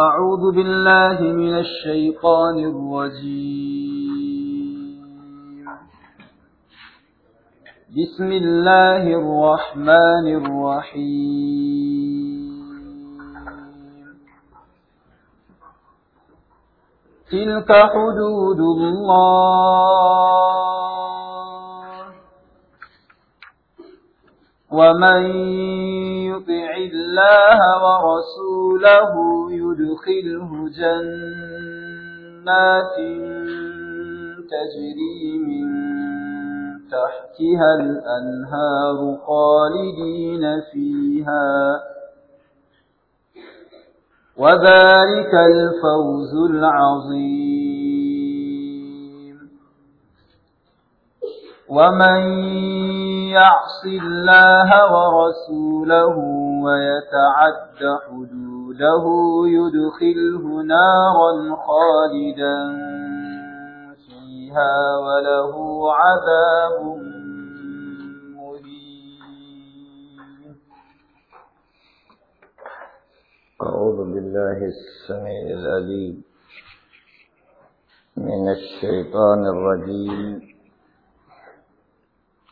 أعوذ بالله من الشيطان الرجيم بسم الله الرحمن الرحيم تلك حدود الله ومن يطع الله ورسوله يدخله جنات تجري من تحتها الأنهار خالدين فيها وذلك الفوز العظيم ومن يعص الله ورسوله ويتعد حدوده يدخله نارا خالدا فيها وله عذاب مليم أعوذ بالله السميع العليم من الشيطان الرجيم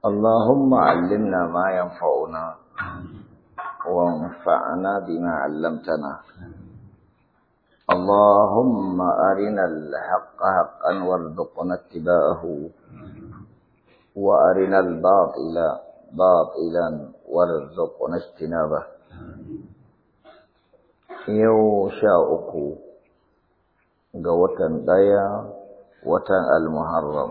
اللهم علمنا ما ينفعنا وانفعنا بما علمتنا اللهم أرنا الحق حقا وارزقنا اتباعه وأرنا الباطل باطلا وارزقنا اجتنابه yau sha uku ga المحرم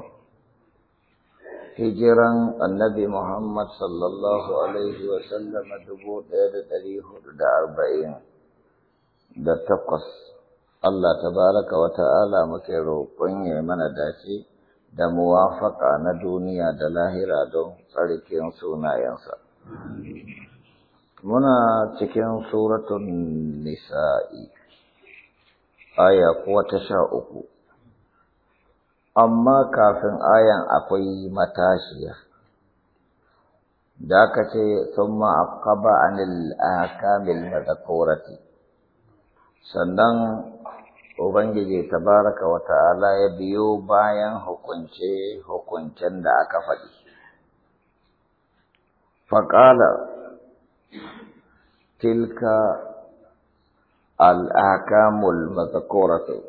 hijiran annabi Muhammad sallallahu Alaihi wa sallam dubu ɗaya da ɗari hudu da arba'in da takwas. Allah ta baraka wa ta'ala muke roƙon ya mana dace da muwafaƙa na duniya da lahira don tsarkin sunayensa. Muna cikin suratun nisa'i, aya kuwa ta sha uku. amma kafin ayan akwai matashiya da aka ce kaba aqaba a kamil mazakorati sannan ubangiji tabaraka wa ta'ala ya biyo bayan hukunce hukuncen da aka faɗi faƙala tilka al'akamul ahkamul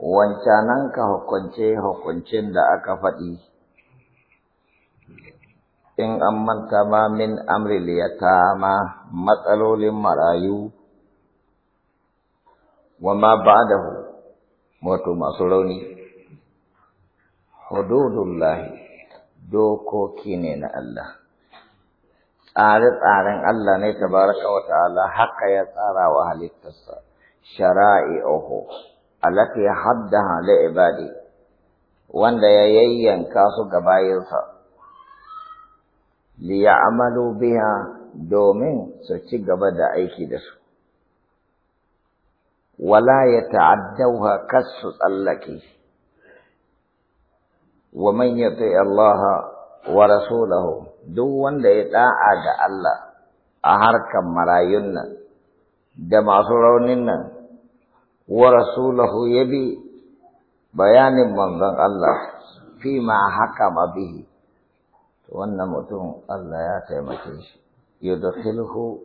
wancananka hukunce-hukuncin da aka faɗi, in an manta ma min amril ya ma matsalolin marayu wa ma ba da hu, wato masu rauni, hududullahi dokoki ne na Allah. Tsare-tsaren Allah ne ta baraka wa ta'ala haka ya tsara wa halittarsa, shara'i shara'i'uhu. allati haddaha li ibadi wanda ya yayyanka su ga bayinsa li ya'malu biha domin su ci gaba da aiki da su wala ya ta'addauha kasu tsallake wa man yati Allah wa rasulahu duk wanda ya da'a ga Allah a harkan marayun nan da masu raunin nan wa rasulahu yabi bayanin manzon Allah fi ma haka ma bihi wannan mutum Allah ya taimake shi yudkhiluhu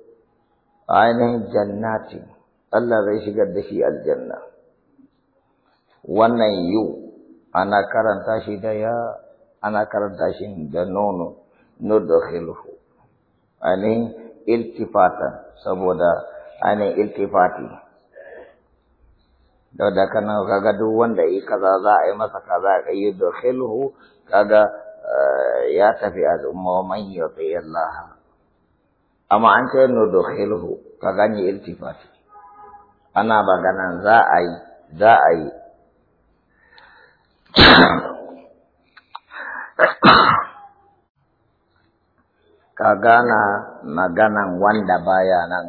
ainihin jannati Allah zai shigar da shi aljanna wannan yu ana karanta shi da ya ana karanta shi da nono nudkhiluhu ainihin iltifata saboda ainihin iltifati da da kana kaga duk wanda yi kaza za a yi masa kaza ka yi khilhu kaga eh, ya tafi al'umma wa man yuti Allah amma an ce no khilhu kaga ni iltifati ana magana za a yi za a yi ka gana maganan wanda baya nan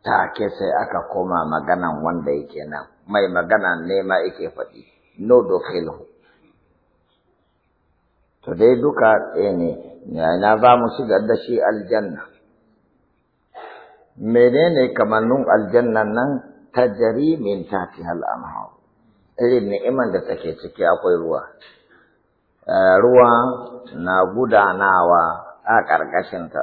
take sai aka koma maganan wanda yake nan mai magana nema yake faɗi no dokhilu to dai duka ɗaya ne na za mu shigar da shi aljanna menene kamannin aljannan nan ta, min tahtiha al-anhar irin ni'imar da take ciki akwai ruwa eh, ruwa na gudanawa a ƙarƙashinta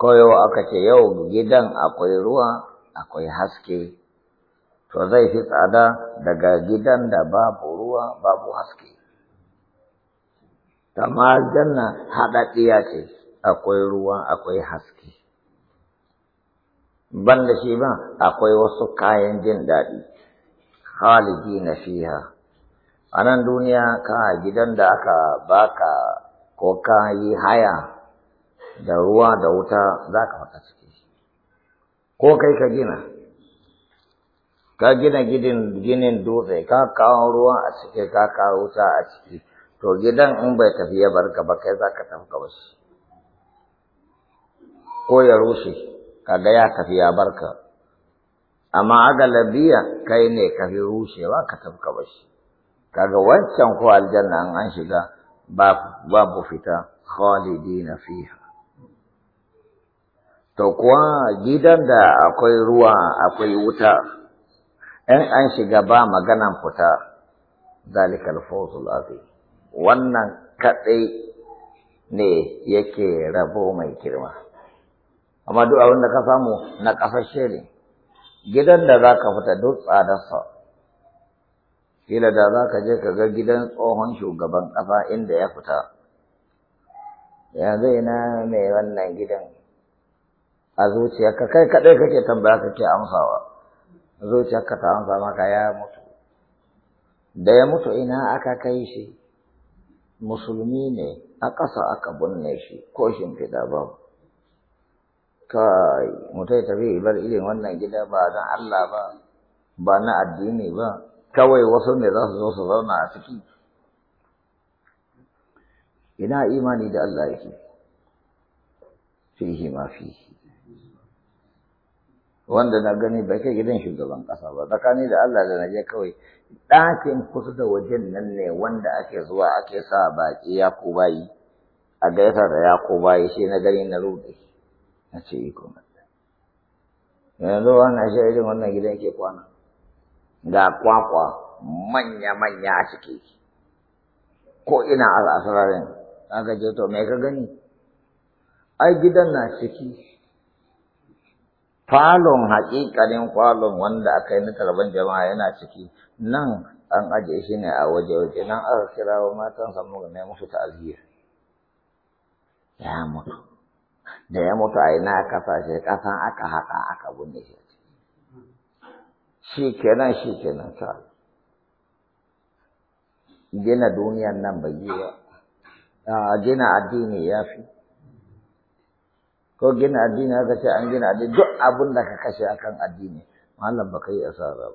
koyo aka ce yau gidan akwai ruwa akwai haske to zai fi tsada daga gidan da babu ruwa babu haske amma janna haɗaɗɗiya ce akwai ruwa akwai haske banda da shi ba akwai wasu kayan jin daɗi haliji na fiha a nan duniya ka gidan da aka baka ko ka yi haya da ruwa da wuta za ka fata ciki ko kai ka gina ka gina gidin ginin dutse ka kawo ruwa a ciki ka kawo wuta a ciki to gidan in bai tafi ya bar ka kai za ka tafi kawai ko ya rushe kaga ya tafi ya bar ka amma a galabiya kai ne ka fi rushewa ka tafi kawai kaga wancan ko aljanna an shiga babu fita khalidina fiha to kuwa gidan da akwai ruwa akwai wuta in an shiga ba maganan fita zalikal fawzul azim wannan kaɗai ne yake rabo mai girma amma duk abin da ka samu na ƙasar ne gidan da za ka fita duk tsadarsa kila da za ka je ka ga gidan tsohon shugaban ƙasa inda ya fita ya zai na mai wannan gidan a zuciya ka kai kaɗai kake tambaya kake amsawa ka ta amsa maka ya mutu da ya mutu ina aka kai shi musulmi ne a ƙasa aka binne shi ko shimfiɗa babu kai mutai tafi bar irin wannan gida ba don Allah ba ba na addini ba kawai wasu ne za su zo su zauna a ciki ina imani da Allah yake fihi ma fihi wanda na gani ba kai gidan shugaban ƙasa ba tsakani da Allah da naje kawai ɗakin kusa da wajen nan ne wanda ake zuwa ake sa baki ya ko bayi a gaisa da ya ko bayi shi na gani na rubu na ce iko yanzu wannan shi irin wannan gidan ke kwana ga kwakwa manya-manya a ciki ko ina al'asararin aka je to me ka gani ai gidan na ciki falon haƙiƙanin falon wanda aka yi na tarban jama'a yana ciki nan an ajiye shi ne a waje-waje nan aka kira wa matan samu ga mai musu ta'aziyya ya mutu da ya mutu a ina aka sashe ƙasan aka haƙa aka binne shi shi kenan shi kenan ta gina duniyan nan bai yi ba gina addini ya fi ko gina addini aka ce an gina addini duk abin da ka kashe akan addini malam ba ka yi asara ba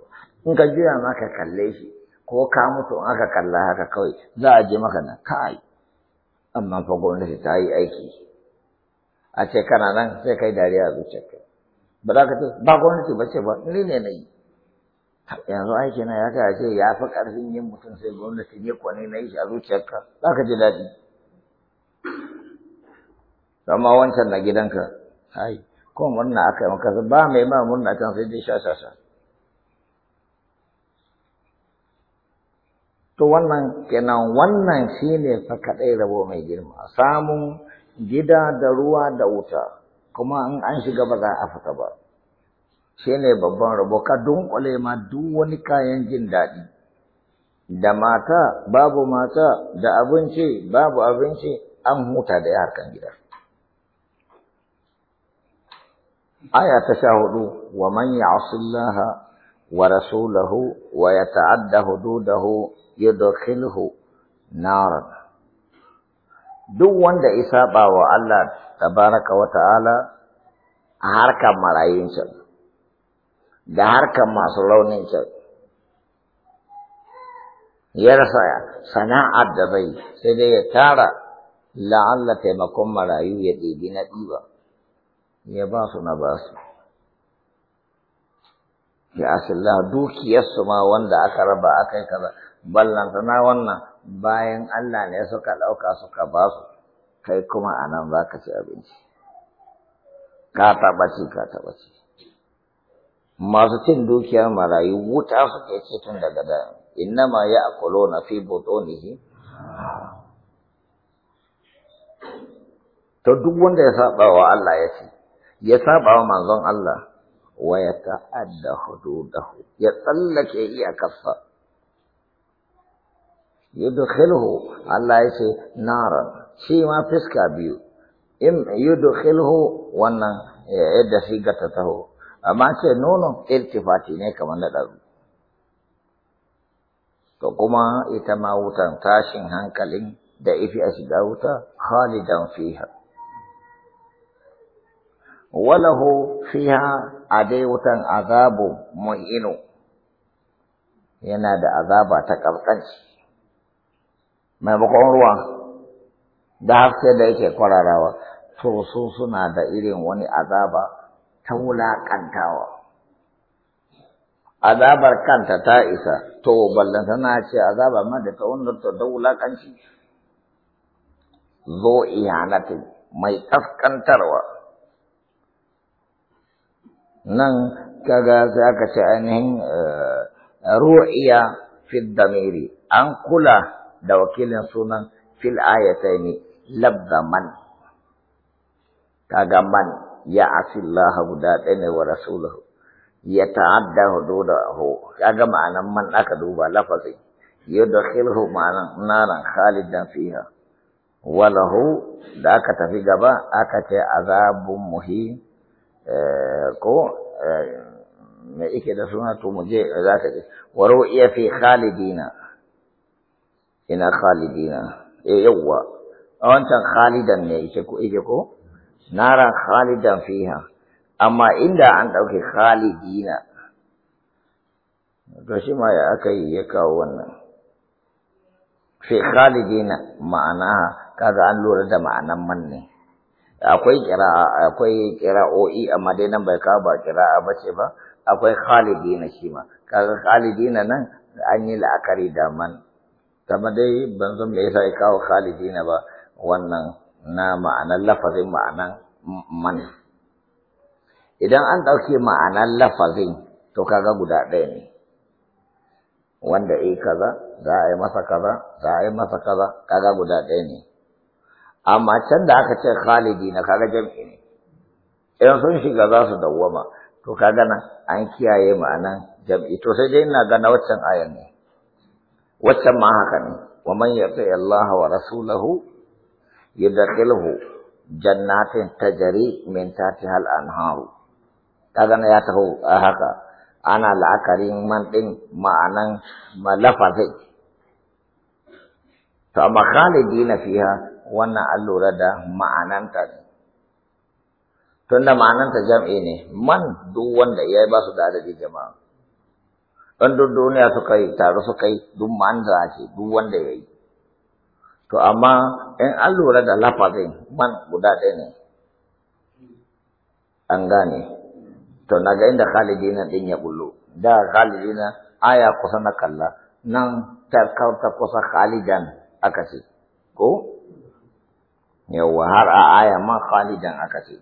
in ka juya ma ka kalle shi ko ka mutu in aka kalla haka kawai za a je maka nan kai amma fa gwamnati ta yi aiki a ce kana nan sai kai dariya a zuciyarka ba za ka ce ba gwamnati ba ce ba ni ne na yi yanzu aiki na ya kai a ce ya fi ƙarfin yin mutum sai gwamnati ne kwane na yi shi a zuciyarka za ka ji daɗi amma wancan na gidanka ai ko murna aka yi maka ba mai ba murna can sai dai sha to wannan kenan wannan shine fa kadai rabo mai girma samun gida da ruwa da wuta kuma in an shiga ba za a fita ba shine babban rabo ka dunkule ma duk wani kayan jin daɗi da mata babu mata da abinci babu abinci an huta da harkan gida aya ta sha hudu wa man ya'sillaha wa rasulahu wa yata'adda hududahu yudkhilhu naran duk wanda isa bawa Allah tabaraka wa ta'ala a harkar marayunsa da harkar masu raunin can ya rasa sana'ar da bai sai dai ya tara la'alla taimakon marayu ya ɗebi na ɗiba ya ba su na ba su ya asila dukiyarsu ma wanda aka raba aka yi kaza ballanta na wannan bayan Allah ne suka ɗauka suka ba su kai kuma a nan za ci abinci ka taɓa ci ka taɓa ci masu cin dukiyar marayu wuta suke ci tun daga da innama ya akulo na fi butonihi to duk wanda ya saba wa Allah ya ce ya saba wa manzon Allah wa ya ta'adda hududahu ya tsallake iyakarsa yudkhilhu Allah ya ce nara shi ma fiska biyu in yudkhilhu wannan yadda shi ga ta taho amma ce nono irtifati ne kamar na ɗaru to kuma ita ma wutan tashin hankalin da ifi a shiga wuta khalidan fiha walahu azabu فيها عديوة Yana da azaba ta تكالكنش Mai bakon ruwa da haske da yake kwararawa to su suna da irin wani azaba ta wulaƙantawa azabar kanta ta isa to ballan tana ce azaba ma da ta wannan ta da wulaƙanci zo iyanatin mai kaskantarwa نن كذا ذاك تأنهن رؤيا في الضمير أنقلة دوكيل سنة في الآيتين لبد من كذا من يعصي الله بداتين ورسوله يتعدى هدوده كذا معنى من أكدوبا لفظي يدخله معنى نارا خالدا فيها وله ذاك تفي قبا أكت عذاب مهين کو میں ایک ادھا سنا تو مجھے ادا کرتے ورؤیہ فی خالدین انا خالدین اے إيه، یو انتا خالدا میں ایسے کو ایسے کو نارا خالدا فیہا اما اندا انتا فی خالدین دوشی ما یا اکی یکاو ونن في خالدين معناها كذا أن لورد معنى مني akwai kira akwai kira'o'i amma dai nan bai kawo ba kira'a ba ce ba akwai khalidina shi ma kaga khalidina nan an yi la'akari da man kama dai ban zo me yasa ya kawo khalidina ba wannan na ma'anar lafazin ma'anar man idan an ɗauke ma'anar lafazin to kaga guda ɗaya ne wanda eh kaza za a yi masa kaza za a yi masa kaza kaga guda ɗaya ne amma can da aka ce khalidi na kaga jam'i ne idan sun shiga za su dawwama to kaga nan an kiyaye ma'anan jam'i to sai dai ina gana waccan ayan ne waccan ma haka ne wa man yati allaha wa rasulahu yudkhilhu jannatin tajri min tahtiha al-anharu kaga na ya taho haka ana la'akari man din ma'anan zai to amma na fiha wannan an lura da ma'ananta ne tunda ma'ananta jam'i ne man duk wanda ya ba su da adadi jama'a Ɗan duk duniya suka yi tare suka yi duk da ce duk wanda ya yi to amma in an lura da lafazin man guda ɗaya ne an gane to na naga inda khalidina ɗin ya bullo da khalidina aya kusa na kalla nan ta kauta kusa khalidan aka ce ko yawa har a aya ma khalidan aka ce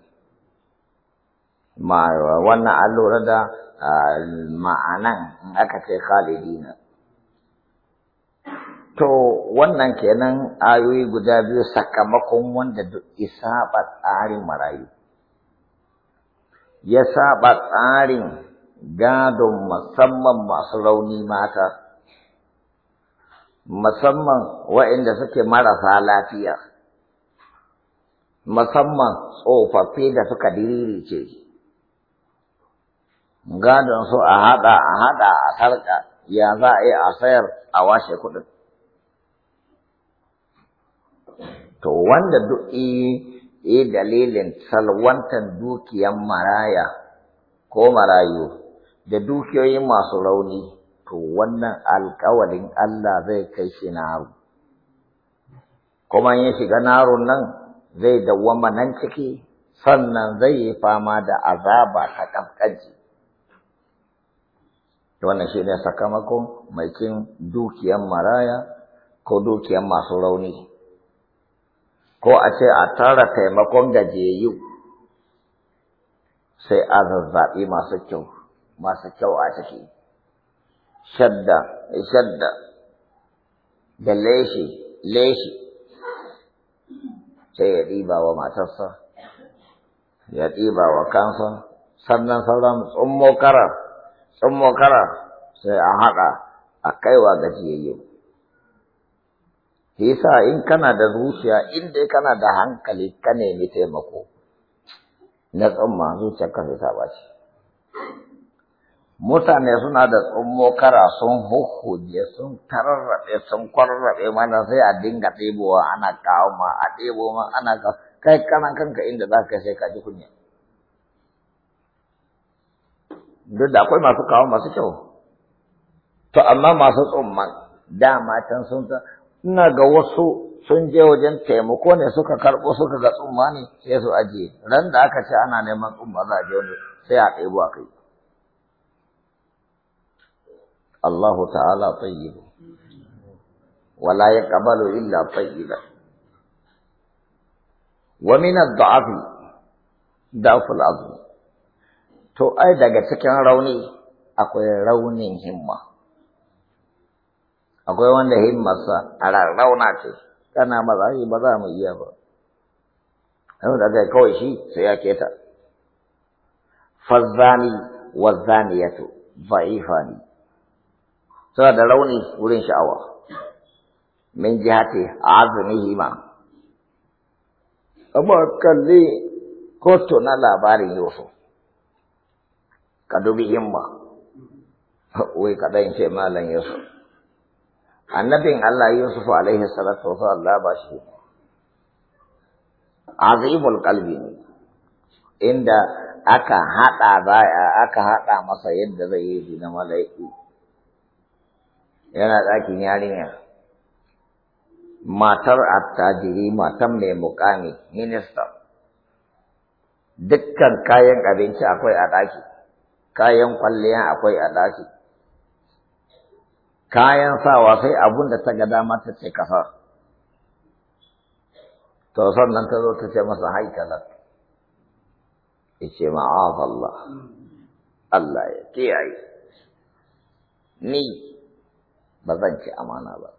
ma wannan an lura da ma'anan in aka ce khalidina to wannan kenan ayoyi guda biyu sakamakon wanda duk ba tsarin marayu ya saba tsarin gadon musamman masu rauni mata musamman waɗanda suke marasa lafiya musamman tsofaffi da suka ce. gadon su a haɗa a haɗa a sarƙa ya za a yi a sayar a washe kuɗin to wanda duk e dalilin salwantan dukiyan maraya ko marayu da dukiyoyi masu rauni to wannan alƙawalin Allah zai kai shi naru kuma ya shiga narun nan zai dawwama nan ciki sannan zai yi fama da azaba ta ƙasƙanci. Wannan shi ne sakamakon mai kin dukiyan maraya ko dukiyan masu rauni, ko a ce a tara taimakon gajiyayyu sai a zazzaɓi masu kyau, masu kyau a ciki. Shadda, shadda, da leshi, leshi. sai ya ɗiba wa matarsa ya ɗiba wa kansa sannan sauran tsummo kara sai a haɗa a kaiwa gajiyayye sa in kana da zuciya inda dai kana da hankali ka nemi taimako na tsumma zuciyarka sai ta ɓaci mutane suna da tsummokara sun huhuje sun tararrabe sun kwararrabe mana sai a dinga ɗebowa ana kawo ma a ɗebo ma ana kai kana kanka inda za ka sai ka ji kunya duk da akwai masu kawo masu kyau to amma masu tsumman dama can sun ta ina ga wasu sun je wajen taimako ne suka karɓo suka ga tsumma ne sai su ajiye ran da aka ce ana neman tsumma za a je wani sai a ɗebo a kai Allahu ta'ala tayyibu wala yaqbalu illa tayyiba wa min ad-da'fi da'f al-azm to ai daga cikin rauni akwai raunin himma akwai wanda himma sa a rauna ce kana maza ba za mu iya ba abin da kai kawai shi sai ya keta fazzani wazzaniyatu dha'ifani suna da rauni wurin sha'awa min jihati azmihima amma kalli kotu na labarin yusuf ka dubi himma wai kaɗan ce malam yusuf annabin allah yusuf alaihi salatu wasu allah ba shi azimul kalbi ne inda aka haɗa aka haɗa masa yadda zai yi na mala'iku yana ɗakin yarinya matar attajiri matan mai mukami minista dukkan kayan abinci akwai a ɗaki kayan kwalliya akwai a ɗaki kayan sawa sai abun da ta ga dama ta ce kasa to sannan ta zo ta ce masa haikalar ce ma'azallah Allah ya kiyaye ni ba zan ci amana ba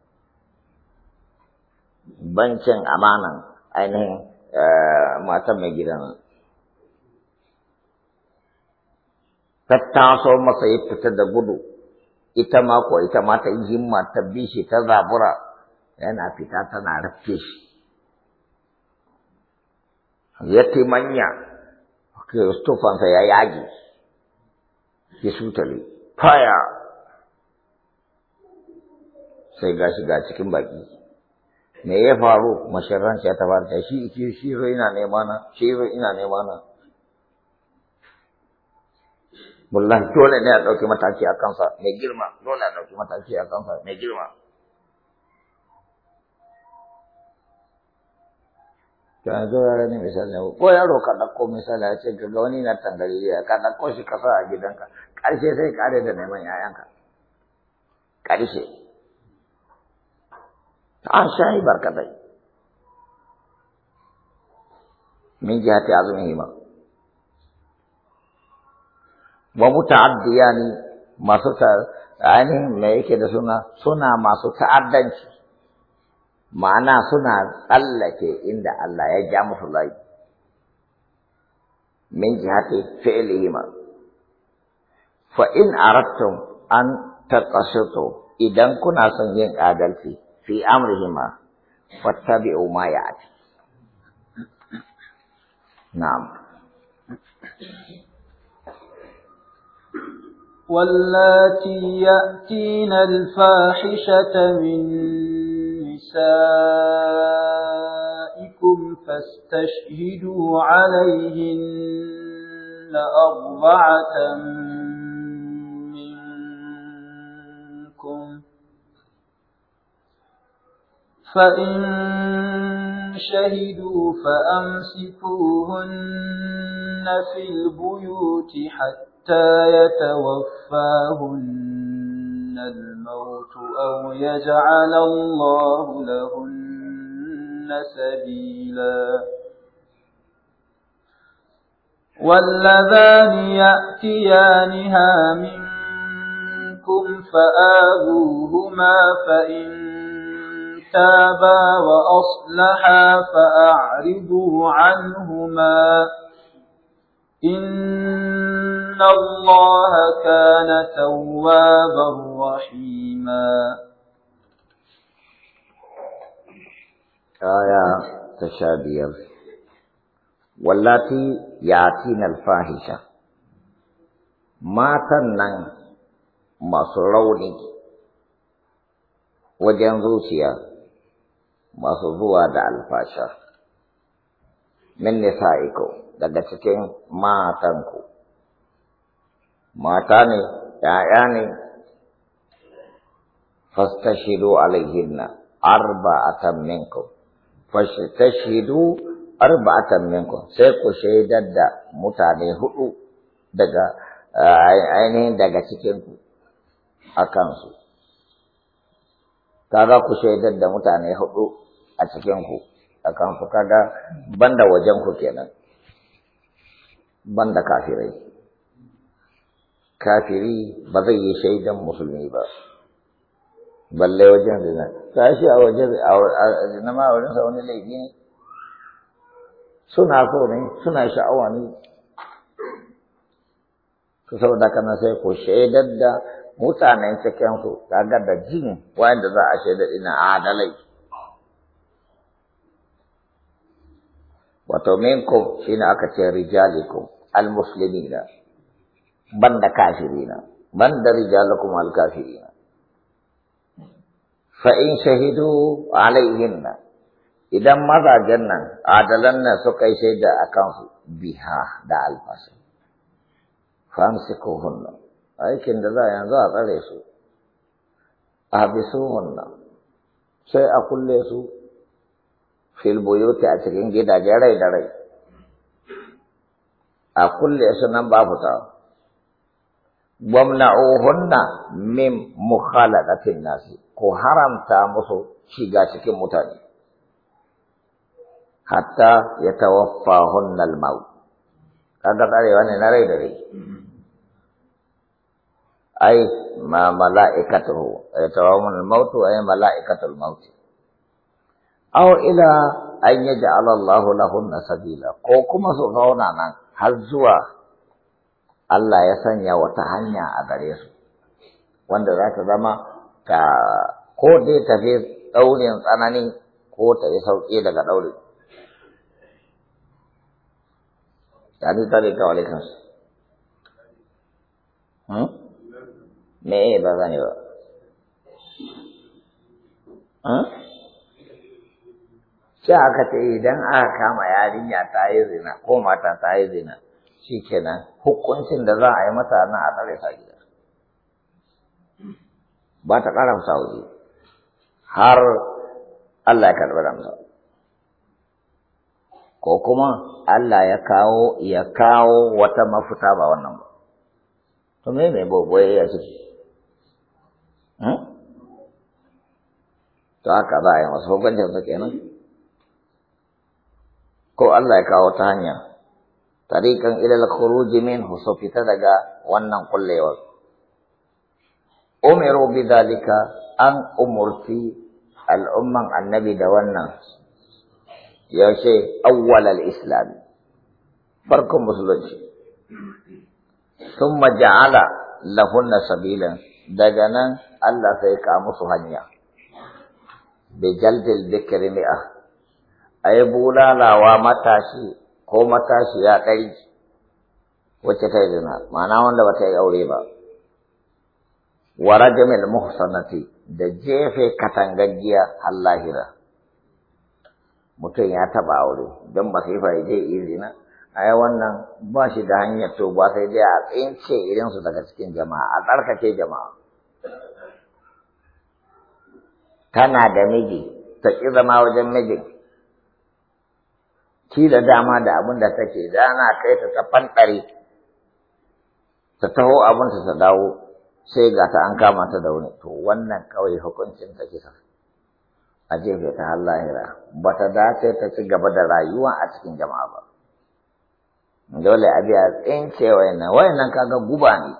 bancin amanan ainihin eh, matan mai gidan ta taso masa ya fita da gudu ita ma ko ita ma ta yi ta bi ta zabura yana fita tana rufe shi ya ke kristofansa ya yage ya sutale fire sai ga shi ga cikin baki me ya faru masharran ya ta shi shi ina nema na shi ina nema na wallahi dole ne a ɗauki mataki a kansa mai girma dole a ɗauki mataki a kansa mai girma to an zo yara ne misali ko yaro ka ɗauko misali ya ce ga wani na tangare ya ka ɗauko shi ka sa a gidanka karshe sai kare da neman 'ya'yanka karshe an sha yi barkatai min jihati azumihima wa muta'addiyani masu ta ainihin me yake da suna suna masu ta'addanci ma'ana suna tsallake inda Allah ya ja musu layi min jihati fi'lihima fa in aradtum an taqasitu idan kuna son yin adalci في أمرهما واتبعوا ما يأتي نعم واللاتي يأتين الفاحشة من نسائكم فاستشهدوا عليهن أربعة من فإن شهدوا فأمسكوهن في البيوت حتى يتوفاهن الموت أو يجعل الله لهن سبيلا واللذان يأتيانها منكم فآذوهما فإن تابا وأصلحا فأعرضوا عنهما إن الله كان توابا رحيما آية تشابية واللاتي ياتين الفاحشة ما تنن masu rauni masu zuwa da alfasha min iko? daga cikin matanku mata ne ‘ya'ya ne fastashidu alaihinna arba'atan minkum fastashidu arba'atan minkum sai ku shaidar da mutane hudu daga eh, ainihin daga cikinku a kansu kaga ku shaidar da mutane hudu a cikin ku a kan ku kaga banda wajen ku kenan banda kafirai kafiri ba zai yi shaidan musulmi ba balle wajen zina ta shi a wajen zina ma wajen sa wani laifi ne suna so ne suna sha'awa ne to saboda kana sai ku shaidar da mutanen cikin su kaga da jin wanda za a shaidar ina adalai wato minkum shine aka ce rijalikum almuslimina banda kafirina banda rijalikum alkafirina fa in shahidu alaihinna idan mazajen nan adalan nan suka yi shaida a kansu biha da alfasa famsikuhunna aikin da za a yanzu a tsare su a bisu hunna sai a kulle su fil buyuti a cikin gidaje rai da rai a kulle su nan ba gwamna wamna'uhunna min mukhalaqatin nasi ko haramta musu shiga cikin mutane hatta ya yatawaffahunna al-maut kada karewa ne na rai da rai ai ma ya yatawaffahu al-maut ai mala'ikatul maut aw ila an yaj'ala Allahu lahunna sabila ko kuma su zauna nan har zuwa Allah ya sanya wata hanya a gare su wanda za ta zama ta ko dai fi ɗaurin tsanani ko ta yi sauƙi daga ɗaurin Tadi tadi Hmm? Me Hmm? sai aka ce idan aka kama yarinya ta yi zina ko mata ta yi zina kenan hukuncin da za a yi mata na a tsare sa gida ba ta ƙara sa waje har Allah ya karɓi ramsa ko kuma Allah ya kawo ya kawo wata mafuta ba wannan ba to me me Bobo ya ciki hmm? to haka za a yi masa hukuncin sa kenan ko Allah ya kawo ta hanya tariqan ila al-khuruj minhu so fita daga wannan kullewar umiru bidhalika an umurti al'umman annabi da wannan yaushe awwal al-islam farkon musulunci thumma ja'ala lahunna sabilin. daga nan Allah sai ka musu hanya bi jaldil bikri mi'ah a yi bulalawa matashi ko matashi ya ɗari wacce ta yi zina ma'ana wanda ba ta yi aure ba wa rajamil muhsanati da jefe katangaggiya allahira mutum ya taɓa aure don ba sai fara je yi zina yi wannan ba shi da hanyar to ba sai dai a tsince irinsu daga cikin jama'a a tsarkake jama'a tana da miji ta ƙi zama wajen mijin da dama da abin da take da ana kai ta ta fanɗare ta taho abin ta dawo sai ga ta an kama ta da wani to wannan kawai hukuncin ta kisa a jefe ta har lahira ba ta dace ta ci gaba da rayuwa a cikin jama'a ba dole a biya tsince wayannan wayannan kaga guba ne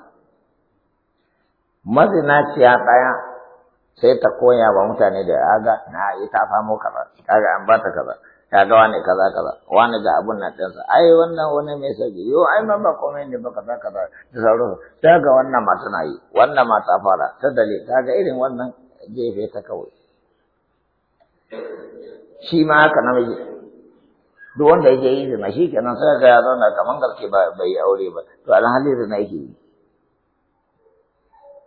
mazinaciya ɗaya sai ta koya wa mutane da aga na ita famo kaza kaga an bata kaza kaga wane kaza kaza wane ga abun nan ɗansa ai wannan wani mai sauki yo ai ma ba komai ne ba kaza kaza da sauransu Ta ga wannan ma tana yi wannan ma ta fara ta dale ta ga irin wannan gefe ta kawai shi ma haka namiji duk wanda yake yi zina shi kenan sai ga ya zauna kamar gaske bai yi aure ba to alhali zina yake yi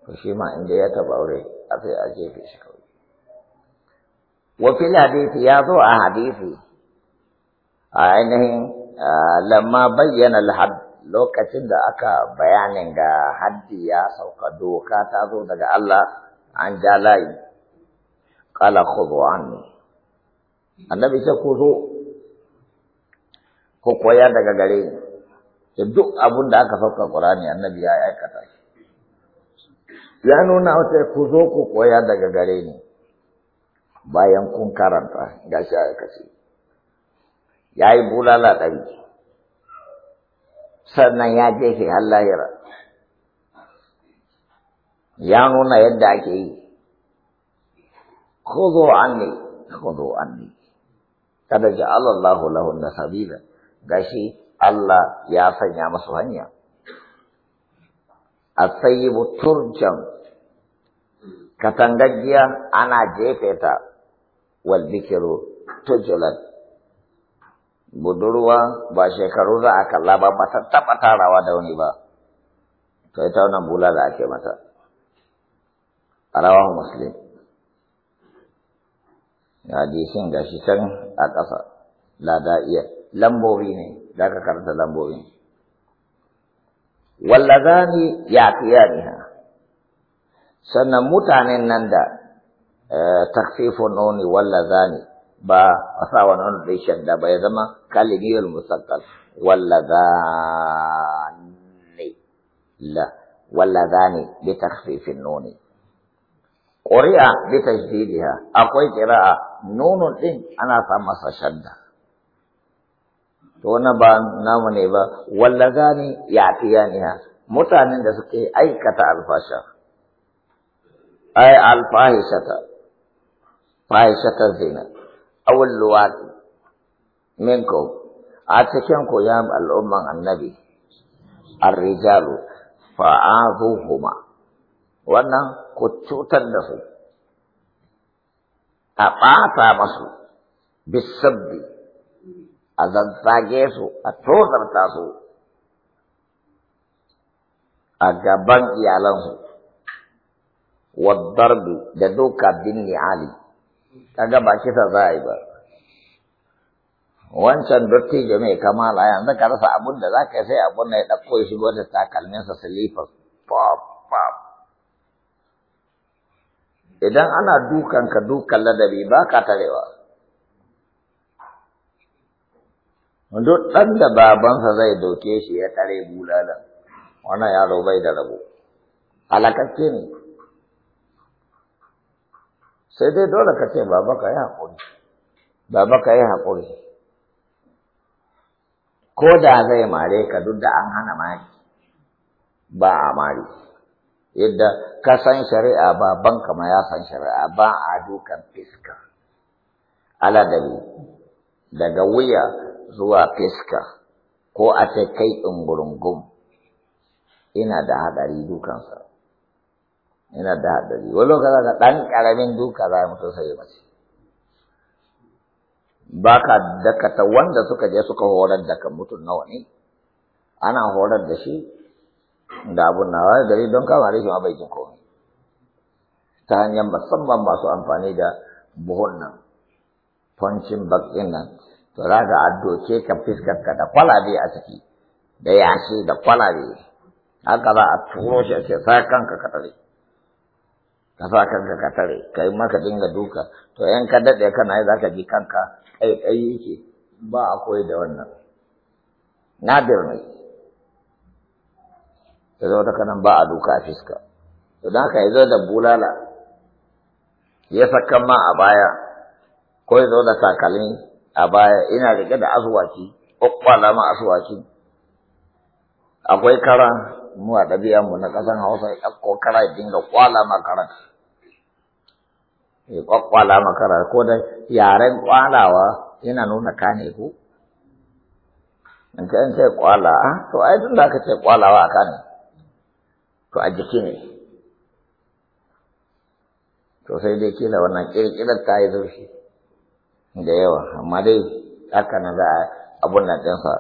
to shi ma inda ya taɓa aure a sai a jefe shi kawai wa fil hadisi ya zo a hadisi a ainihin lamma bayyana al lokacin da aka bayanin ga haddi ya sauka doka ta zo daga Allah an ja layi qala khudhu anni annabi ce ku zo ko koya daga gare ni da duk abun da aka sauka Qur'ani annabi ya aikata shi ya nuna wata ku zo ku koya daga gare ni bayan kun karanta gashi aikace ya yi bulala ɗari sannan ya je ke lahira ya nuna yadda ake yi ko zo an ne kada ja'ala Allahu lahu Sabila, gashi Allah ya sanya masu hanya a sayi turjam katangajiya ana jefe ta wal tujulat budurwa ba shekaru za a kalla ba ba ta taɓa tarawa da wani ba to ita wannan bula da ake mata rawahu muslim ga shi can a ƙasa lada iya lambobi ne da ka karanta lambobi wallazani ya tiyaniha sannan mutanen nan da eh, takfifun noni wallazani ba a sa wani wani da shadda ba ya zama kalimiyul musaqqal walla zani la walla zani bi takhfifin nuni quri'a bi tajdidiha akwai qira'a nunun din ana sa masa shadda to na ba namu ne ba walla zani ya'tiyaniha mutanen da suke aikata alfasha ay alfahishata fahishata zinat awal luwaɗi minkum a cikin ku ya al'umman annabi arrijalu fa'azuhuma wannan ku cutar da su a ɓata masu bisabbi a sage su a tozarta su a gaban iyalansu wadarbi da doka bin ni'ali kaga ba kisa za a yi ba wancan dattijo mai kamala yanzu ka rasa abun da za ka sai abun da ya ɗauko shi wata takalminsa silifas pop pop idan ana dukan ka dukan ladabi ba ka tarewa duk ɗan da babansa zai doke shi ya tare bulalan wannan yaro bai da rabo alakakke ne sai dai dole ka ce baba ka yi haƙuri baba ka yi haƙuri ko da zai mare ka duk da an hana mari ba a mari yadda ka san shari'a ba banka ma ya san shari'a ba a dukan fiska aladari daga wuya zuwa fiska ko a ce kai ɗungurungun ina da haɗari dukansa yana da haɗari wani lokacin da ɗan ƙaramin duka za mutum sai mace ba ka dakata wanda suka je suka horar da kan mutum nawa ne ana horar da shi da abun nawa gari don kama rashin jin komai ta hanyar musamman masu amfani da buhun nan fancin bakin nan to za ka addoce ka ka da kwalabe a ciki da yashi da kwalabe haka za a turo shi a ce sai kanka ka tare ka sa kanka ka tare ka ma ka dinga duka to yan ka daɗe kana yi zaka ji kanka kai kai yake ba a koyi da wannan nadir ne ya zo ta kanan ba a duka a fiska to da haka ya zo da bulala ya saka ma a baya ko ya zo da takalmi a baya ina rike da asuwaki kwakwala ma asuwaki akwai kara mu a ɗabi'anmu na ƙasan hausa ya ɗauko kara ya dinga kwala ma karanta. ya eh, kwakwala makara ko da yaren kwalawa yana nuna kane ku. in ka in sai kwala ah, to ai tun da aka ce kwalawa a kane to a jiki ne to sai dai kila wannan kirkirar ta yi zurfi da yawa amma dai aka na za a abun nan ɗinsa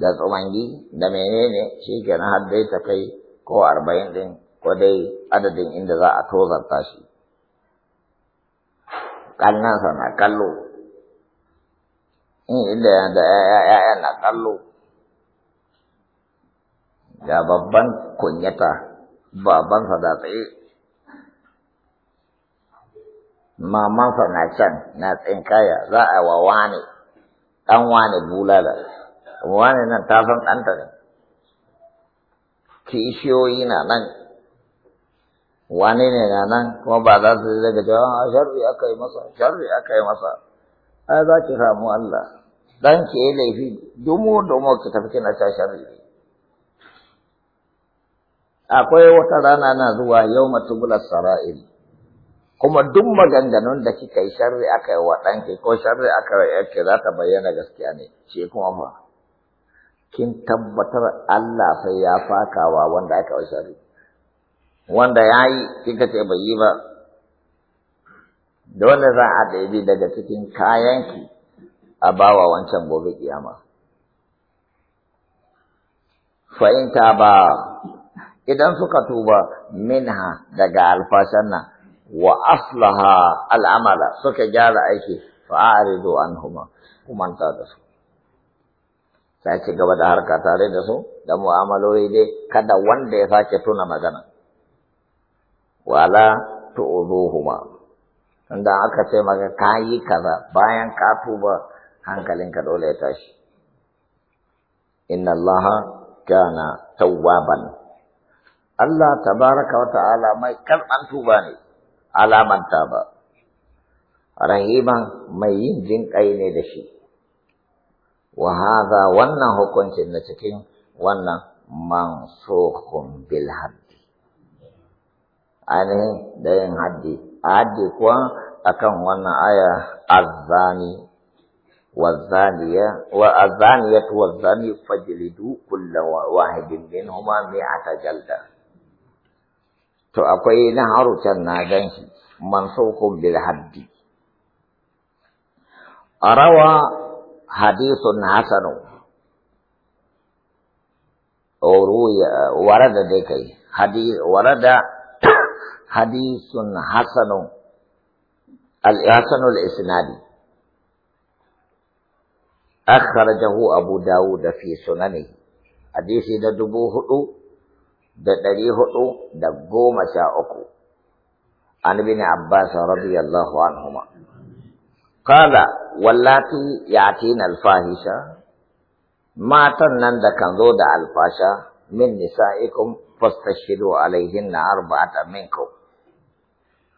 da tsumangi da menene shi kenan har dai ta kai ko arba'in ɗin ko dai adadin inda za a tozarta shi kallon sa na kallo in da da ya'ya na kallo da babban kunyata babansa da tsaye mamansa na can na tsinkaya za a wa wane ɗan wane bulala wane nan ta san ɗanta ne kishiyoyi na nan wani ne na nan kuma ba za su daga a ah, sharri aka yi masa sharri aka yi masa ai za ki samu Allah dan ki yi laifi dumu dumu ki tafi kina ta sharri akwai wata rana na zuwa yau matubula sara'il kuma duk maganganun da kika yi sharri aka yi wa ɗanki ko sharri aka yi yake za ta bayyana gaskiya ne ce kuma fa kin tabbatar Allah sai ya fakawa wanda aka yi sharri wanda ya yi kika ce bai yi ba dole za a ɗabi daga cikin kayanki a bawa wancan gobe kiyama Fahimta ba idan suka tuba minha daga alfashan nan wa aslaha al'amala suka gyara aiki fa'aridu kuma kumanta da su sai ci gaba da harka tare da su da mu'amalori dai kada wanda ya sake tuna magana wala tu'uduhuma inda aka ce maka ka yi kaza bayan ka tuba hankalinka dole ya tashi inna allaha kana tawwaban Allah tabaraka wa ta'ala mai karɓan tuba ne alaman ba rahiman mai yin jin jinƙai ne da shi wa hadha wannan hukuncin na cikin wannan mansukhun bil hadd ainihin da yin haddi a haddi kuwa akan wannan aya azzani والزانية والزانية والزاني فاجلدوا كل min منهما mi'ata jalda to akwai na harucan na ganshi, man mansukun bil haddi arawa hadithun hasanu ruya warada dai kai warada حديث حسن الحسن الإسناد أخرجه أبو داود في سننه حديث ندبوه دتريه دقوم شاؤكو عن ابن عباس رضي الله عنهما قال واللاتي يعتين الفاحشة ما تنن da kan zo da alfasha min nisa'ikum fastashhidu alaihinna arba'atan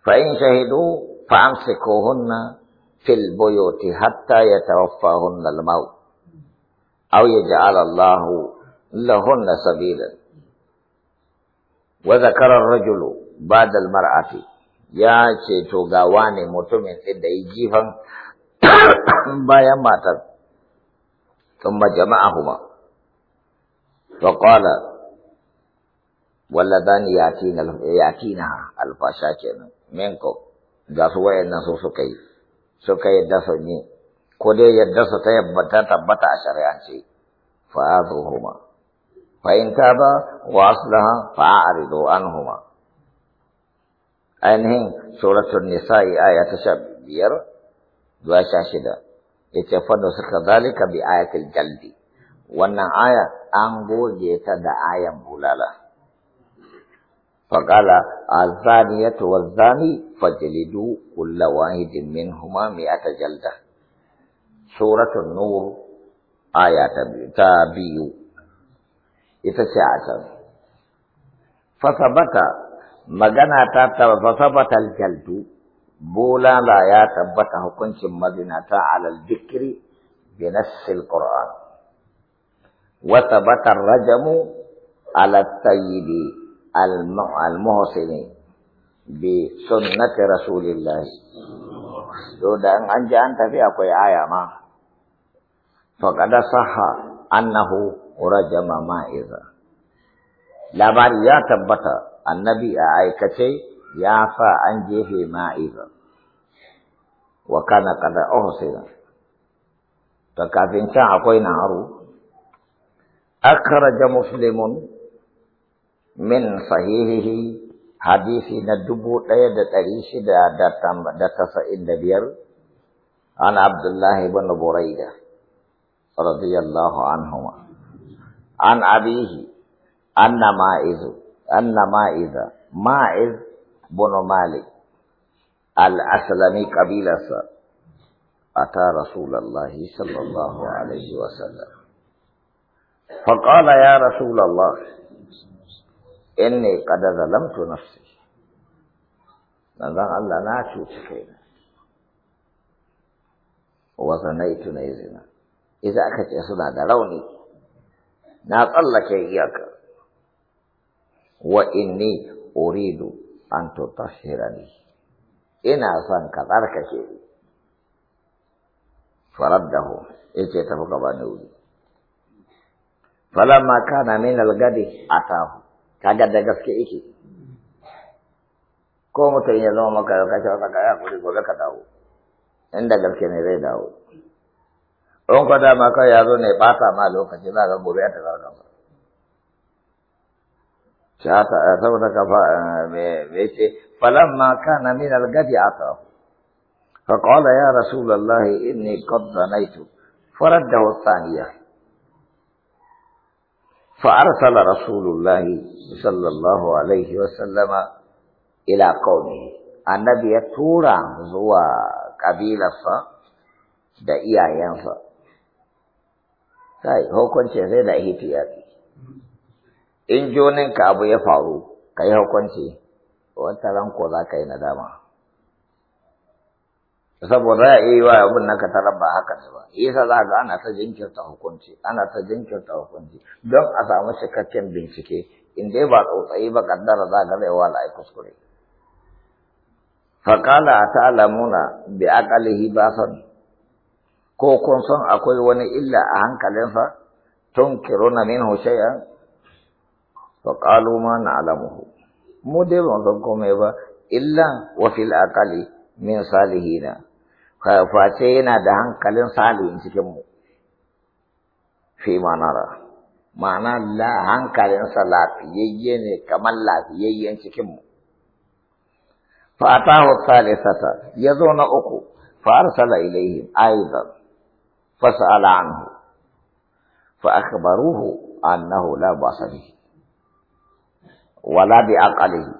فإن شهدوا فأمسكوهن في البيوت حتى يتوفاهن الموت أو يجعل الله لهن سبيلا وذكر الرجل بعد المرأة يا شيتو غواني متمن إذا يجيفا بايا ثم جمعهما فقال walladan yatina yatina alfasha kenan menko ga su wayannan su suka yi suka yadda su ne ko dai yadda su ta yabbata tabbata a shari'ance fa azuhuma fa in taba wa aslaha fa aridu anhuma ainihin suratul nisa'i aya ta sha biyar zuwa sha shida yace fa suka zalika bi ayatil jaldi wannan aya an goge ta da ayan bulala فقال الزانية والزاني فجلدوا كل واحد منهما مئة جلدة سورة النور آية تابيو إتسعة فثبت مغنى تاتا فثبت الجلد بولا لا يا ثبت حكمش مدينة على الذكر بنفس القرآن وثبت الرجم على الطيب al-muhsini bi sunnati rasulillah do dan an ji an tafi akwai aya ma faqad sahha annahu rajama ma'iza labari ya tabbata annabi a aikace ya fa an jefe ma'iza wa kana kada uhsina to kafin can akwai naharu akhraja muslimun من صحيحه حديث ندبو تيد تريش دا سعيد دبير عن عبد الله بن بريدة رضي الله عنهما عن أبيه أن مائز أن مائز مائز بن مالك الأسلمي قبيلة أتى رسول الله صلى الله عليه وسلم فقال يا رسول الله inni qad zalamtu nafsi manzon Allah na cuci kaina wa zanaitu na izina idan aka ce suna da rauni na tsallake iyaka wa inni uridu an tutahhirani ina son ka tsarkake ni faraddahu yace tafi gaba ne wuri falamma kana min al-gadi atahu kaga da gaske yake ko mutum ya zama maka ka ce wata kaya kuri gobe ka dawo inda gaske ne zai dawo in ka dama kai ya zo ne bata ma lokaci za ka gobe ta zaga ba shata eh, saboda ka fa eh, me ce Falan ma ka na min al-gadi ata فقال يا رسول الله إني قد ظنيت فرده الثانية فأرسل رسول الله صلى الله عليه وسلم إلى قومه النبي يتورا زوا قبيلة da iyayensa kai hukunci sai da ihtiyati in joninka abu ya faru yi hukunci wata ranko za ka yi nadama saboda za ya yi wa abin nan ka tarar ba haka ne ba yasa za ga ana ta jinkirta hukunci ana ta jinkirta hukunci don a samu cikakken bincike in dai ba tsautsayi ba kaddara za ga zai wala ai kuskure faƙala ta alamuna bi aƙalihi ba son, ko kun san akwai wani illa a hankalinsa na minhu shay'an faƙalu ma na alamuhu mu dai ba san komai ba illa wa fil min salihina face yana da hankalin salihin cikinmu fi manara ma'ana la hankalinsa lafiyayye ne kamar lafiyayyen cikinmu fatahu salisata ya zo na uku farsala ilaihim aidan fasala anhu fa akhbaruhu annahu la basari wala bi aqalihi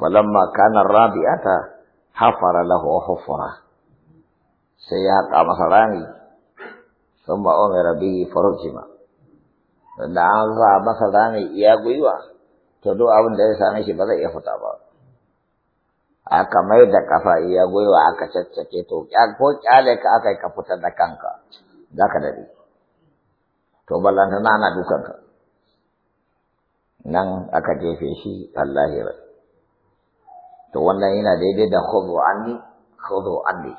falamma kana rabi'ata hafara lahu hufra sai ya haƙa masa rami sun umira bihi farujima da an za masa rami iya to duk abin da ya same shi ba zai iya fita ba aka mai da kafa iya gwiwa aka caccake to ko kyale ka aka ka fita da kanka za ka daɗe to na na dukanka nan aka jefe shi Allah ya to wannan yana daidai da khudhu anni khudhu anni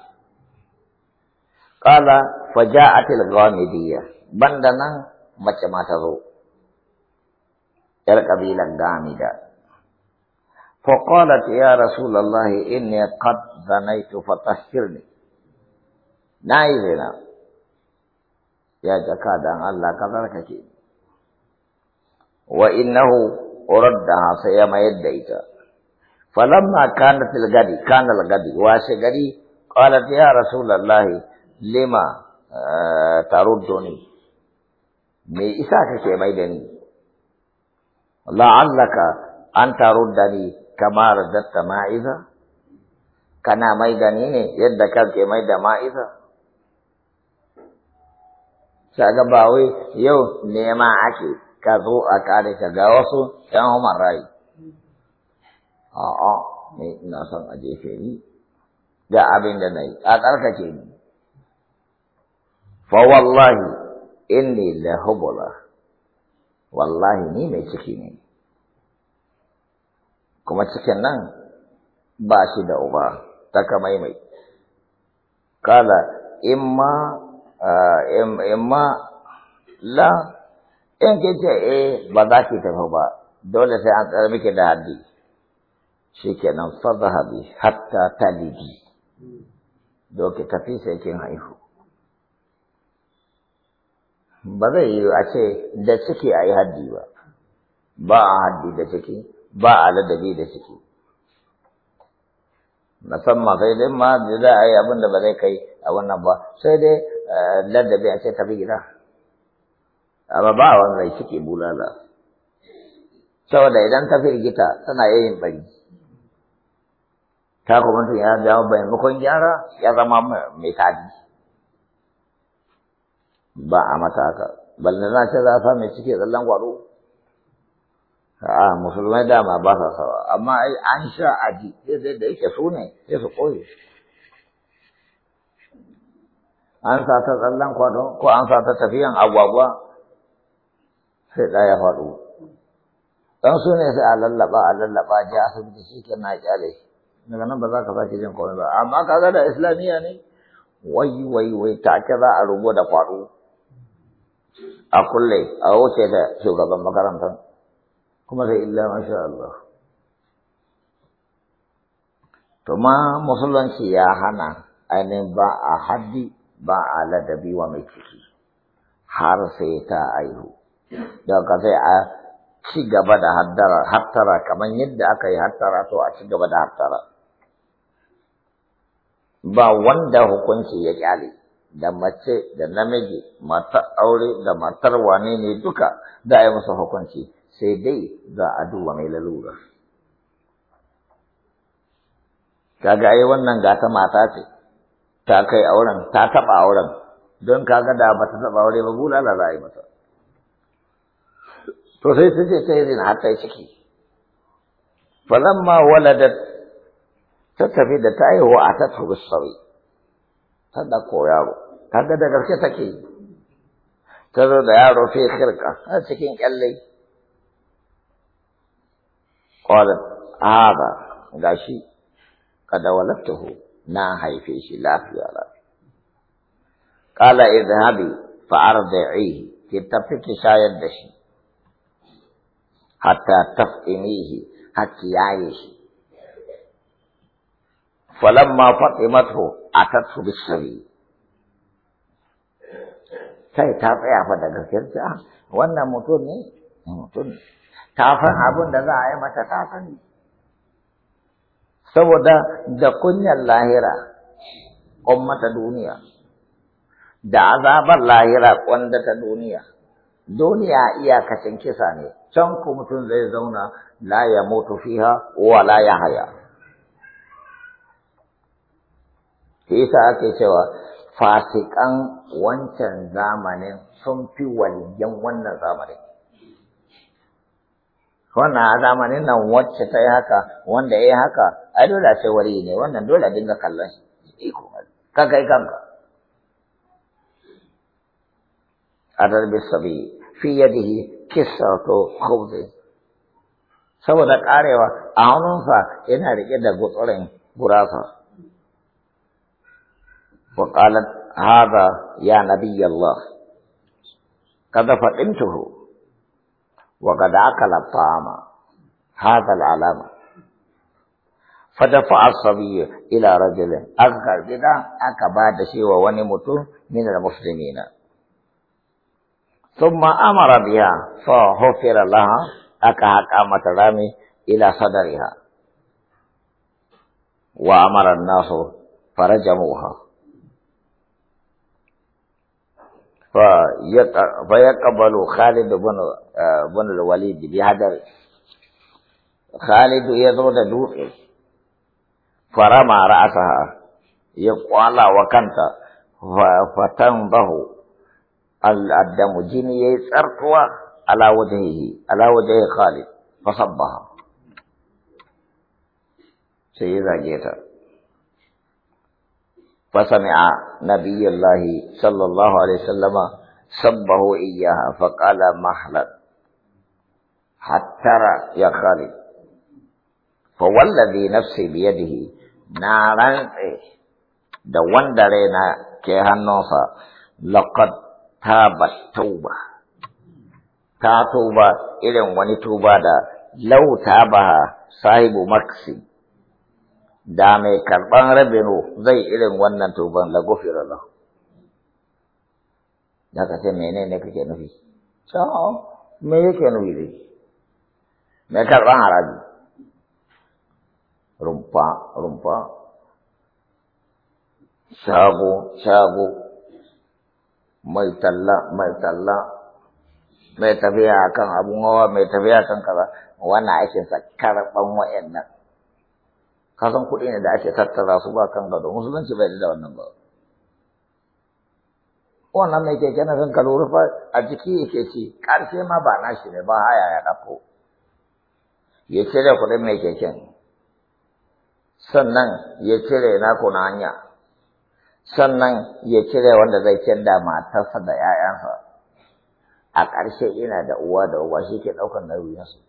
qala faja'at al-ghamidiyya banda nan mace ma ta zo yar kabilan gamida فقالت يا رسول الله إني قد زنيت فتشرني نايلنا يا جكاد أن الله كذلك وإنه أردها سيما يديتا فلما كانت الغدي كان الغدي واسي غدي قالت يا رسول الله لما تردني me isa kake mai da ni la'allaka an taruddani kama raddatta ma'iza kana يدك ni ne yadda kake mai ma'iza yau nema ake ka zo a kare ka ga wasu yan human rai. a'a ah, ne ina son a ah, jefe ni da abin da na yi a tsarkake ni fa wallahi inni lahubula wallahi ni mai ciki ne kuma cikin nan ba shi da uba ta kamaimai kala imma ah, imma la in kace eh ba za ki tafi ba dole sai an tsar miki da haddi shikenan fadhhabi hatta talidi doke tafi sai kin haihu ba zai yi a ce da ciki a yi haddi ba ba a haddi da ciki ba a ladabi da ciki musamman sai dai ma da za a yi abin da ba zai kai a wannan ba sai dai eh, ladabi a ce tafi gida amma ba a wannan ciki bulala saboda idan ta firgita tana yayin bari ta kuma ya dawo maimakon gyara ya zama mai tadi ba a mata haka balle na ce za a mai cike zallan gwado a musulmai dama ba sa sawa amma ai an sha aji sai da yake su ne sai su koyi an sa ta tsallan kwado ko an sa ta tafiyan agwagwa sai ɗaya faɗo ɗan su ne sai a lallaba a lallaba ji asibiti shi ke na ƙyale. shi daga nan ba za ka sake jin komai ba amma kaga da islamiyya ne wai wai wai take za a rubo da a kulle a wuce da shugaban makarantar kuma sai illa masha Allah to ma musulunci ya hana ainihin ba a haddi ba a ladabi wa mai ciki har sai ta aihu daga sai a ci gaba da hattara kamar yadda aka yi hattara to a ci gaba da hattara ba wanda hukunci ya kyale da mace da namiji matar aure da matar wane ne duka da ya musu hukunci sai dai za a duba mai lalura kaga ai wannan gata mata ce ta kai auren ta taba auren don kaga da ba ta taba aure ba bulala za a yi mata to sai su ce ta yi zina har ta yi ciki falamma waladat تتفي دتاي هو اتته بالصبي صدقوا يا ابو كاغا غير غركه تكي تزو دا يارو في خرقة سكين قلي قالت هذا غاشي قد ولدته نا هيفيش لا في ولا قال اذهبي فارضعيه كتبك شايد دشي حتى تفقنيه حتى يعيشي فلما فطمته أتته بالسري sai ta tsaya fa daga gaskiyar ta wannan mutum ne mutum ta san abin da za a yi mata ta sani saboda da kunyar lahira ummata duniya da azabar lahira wanda ta duniya duniya iyakacin kisa ne can ku mutum zai zauna la ya mutu fiha wa la ya haya Shi yasa ake cewa fasikan wancan zamanin sun fi waliyan wannan zamanin. Wannan zamanin nan wacce ta yi haka, wanda ya yi haka, ai dole sai wali ne, wannan dole dinga kallon shi. Iko, ka kai kanka. adar bisabi fi yadihi kisratu khubzi saboda karewa a hannunsa yana riƙe da gutsurin gurasa وقالت هذا يا نبي الله قد فطنته وقد أكل الطعام هذا العلامة فدفع الصبي إلى رجل أذكر كده أكباد شيء ونمت من المسلمين ثم أمر بها فغفر لها أكهك أمة رامي إلى صدرها وأمر الناس فرجموها فيقبل خالد بن آه، بن الوليد بهدر خالد يضرب دوحي فرمى رأسها يقال وكنت فتنضه الدم جني يسرقوا على وجهه على وجه خالد فصبها سيدا جيتا فسمع نبي الله صلى الله عليه وسلم صبه إياها فقال محلت حتى يا خالد فوالذي نفسي بيده نارا دوان دارينا كهانوسا لقد تابت توبة تابت توبة إلى وني توبة لو تابها صاحب مكسب da mai karɓan rabinu zai irin wannan tuban da gufira la da ka ce ne kake nufi ciao me yake nufi dai mai karɓan haraji rumfa rumfa shago shago mai talla mai talla mai tafiya kan abun hawa mai tafiya kan kaza wannan aikinsa karɓan wa'annan Kasan kuɗi ne da ake tattara su ba kan gado musulunci bai da wannan ba wannan mai keke na kan kalori fa a jiki yake ci ƙarfe ma ba na shi ne ba haya ya ɗauko ya cire kuɗin mai keken sannan ya cire ku na hanya sannan ya cire wanda zai ciyar da matarsa da 'ya'yansa a ƙarshe ina da uwa da uwa shi ke ɗaukar nauyinsu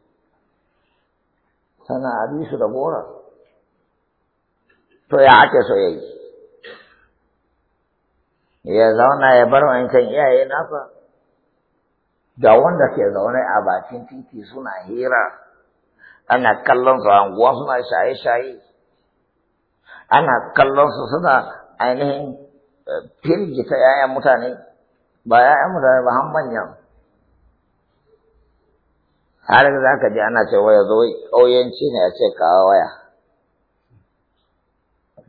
sannan a su da gora to ya ake so ya yi ya zauna ya bar wancan iyaye nasa da wanda ke zaune a bakin titi suna hira ana kallon su anguwa suna shaye-shaye ana kallon su suna ainihin eh, firgita 'ya'yan mutane ba 'ya'yan mutane ba har manyan har za ka ji ana cewa ya zo ƙauyenci ne ya ce kawo waya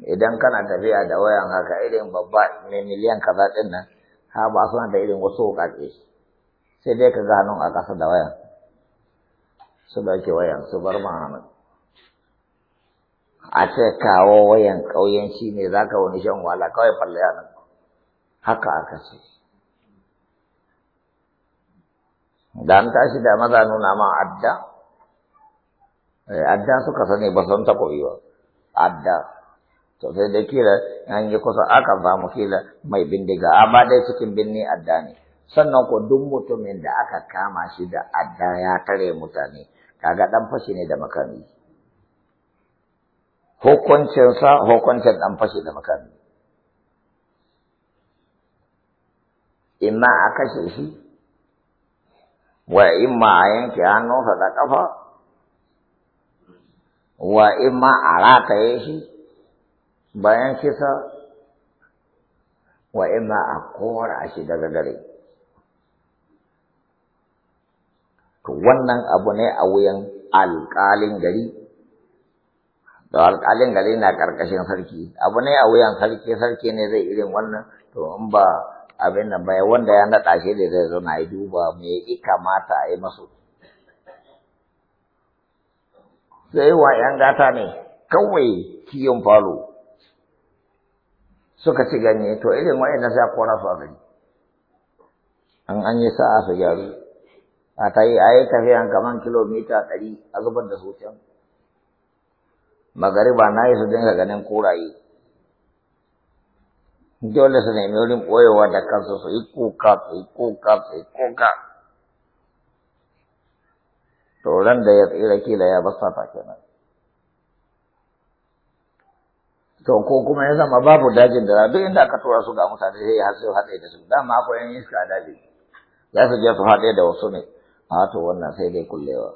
idan kana tafiya da wayan haka irin babba mai miliyan kaza din nan ha ba suna da irin wasu wukake sai dai ka gano a ƙasa da wayan su dauke wayan su bar ma hannun a ce kawo wayan ƙauyen shi ne za ka wani shan wala kawai falle nan. haka aka ce da an tashi da maza nuna ma adda eh, adda suka sani ba san takobi ba adda to sai da kila an yi kusa aka mu kila mai bindiga amma dai cikin binni adda ne sannan ko duk mutumin da aka kama shi da adda ya tare mutane kaga dan fashi ne da makami sa hukuncin dan fashi da makami imma a kashe shi wa imma a yanke hannunsa da ƙafa wa imma a rataye shi bayan kisa wa imma a kora shi daga gare to wannan abu ne a wuyan alƙalin gari da alƙalin gari na ƙarƙashin sarki abu ne a wuyan sarki sarki ne zai irin wannan to in ba abin da bai wanda ya naɗa shi da zai zo na yi duba me yi kamata a yi masu sai wa ‘yan gata ne kawai kiyon falo suka ci ganye to irin wa'annan sai a kora su a an an yi sa'a su gyaru a ta yi a yi tafiyan kamar kilomita ɗari a zubar da su can magariba na yi su dinga ganin koraye dole su nemi wurin ɓoyewa da kansu su yi kuka su yi kuka su yi kuka to ran da ya tsira kila ya basa ta kenan to ko kuma ya zama babu dajin da duk inda aka tura su ga mutane sai har sai haɗe da su dama ko yan iska daji za su je su haɗe da wasu ne a to wannan sai dai kullewa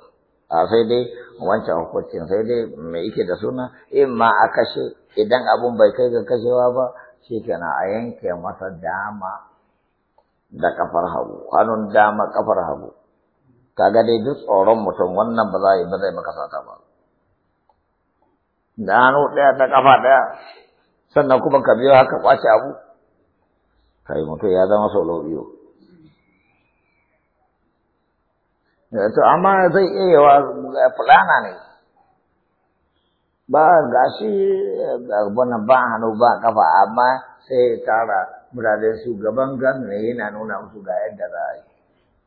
a sai dai wancan hukuncin sai dai me yake da suna in ma a kashe idan abun bai kai ga kashewa ba shi kana a yanke masa dama da kafar hagu hannun dama kafar hagu kaga dai duk tsoron mutum wannan ba za yi ba zai maka sata ba da hannu ɗaya da ƙafa ɗaya sannan kuma ka biyo haka ƙwace abu kai mutum ya zama sau biyu eh, to amma zai iya yawa eh, fulana ne ba gashi eh, bana ba hannu ba ƙafa amma sai ya tara mutane su gaban ne yana nuna musu ga yadda za a yi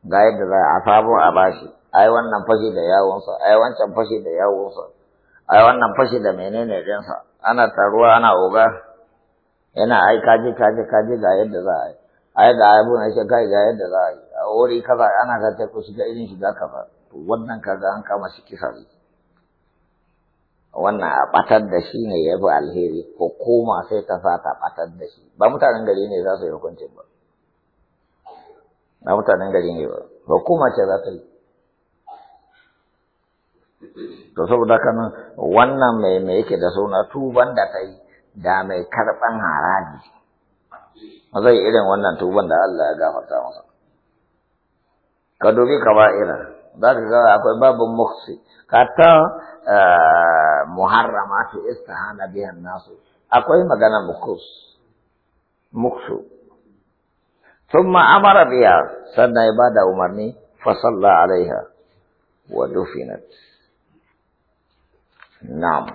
ga yadda za a sabon a bashi ai wannan fashi da yawonsa ai wancan fashi da yawonsa ai wannan fashi da menene jinsa ana taruwa ana oga yana ai kaji kaji kaji ga yadda za a yi ai ga abu na shi kai ga yadda za a yi a wuri kaza ana ka ta ku shiga irin shiga kaza to wannan kaga an kama shi kisa ne wannan a batar da shi ne ya fi alheri ko koma sai ta sa ta batar da shi ba mutanen gari ne za su yi hukuncin ba ba mutanen gari ne ba ba koma ce za ta yi to saboda nan wannan mai mai yake da suna tuban da ta yi da mai karɓan haraji zai irin wannan tuban da Allah ya gafarta masa ka dubi kaba'ira za ka ga akwai babu muksi ka ta eh, muharrama ta istihana biyan nasu akwai magana mukus muksu ثم أمر بها umarni عبادة أمرني alaiha wa dufinat. نعم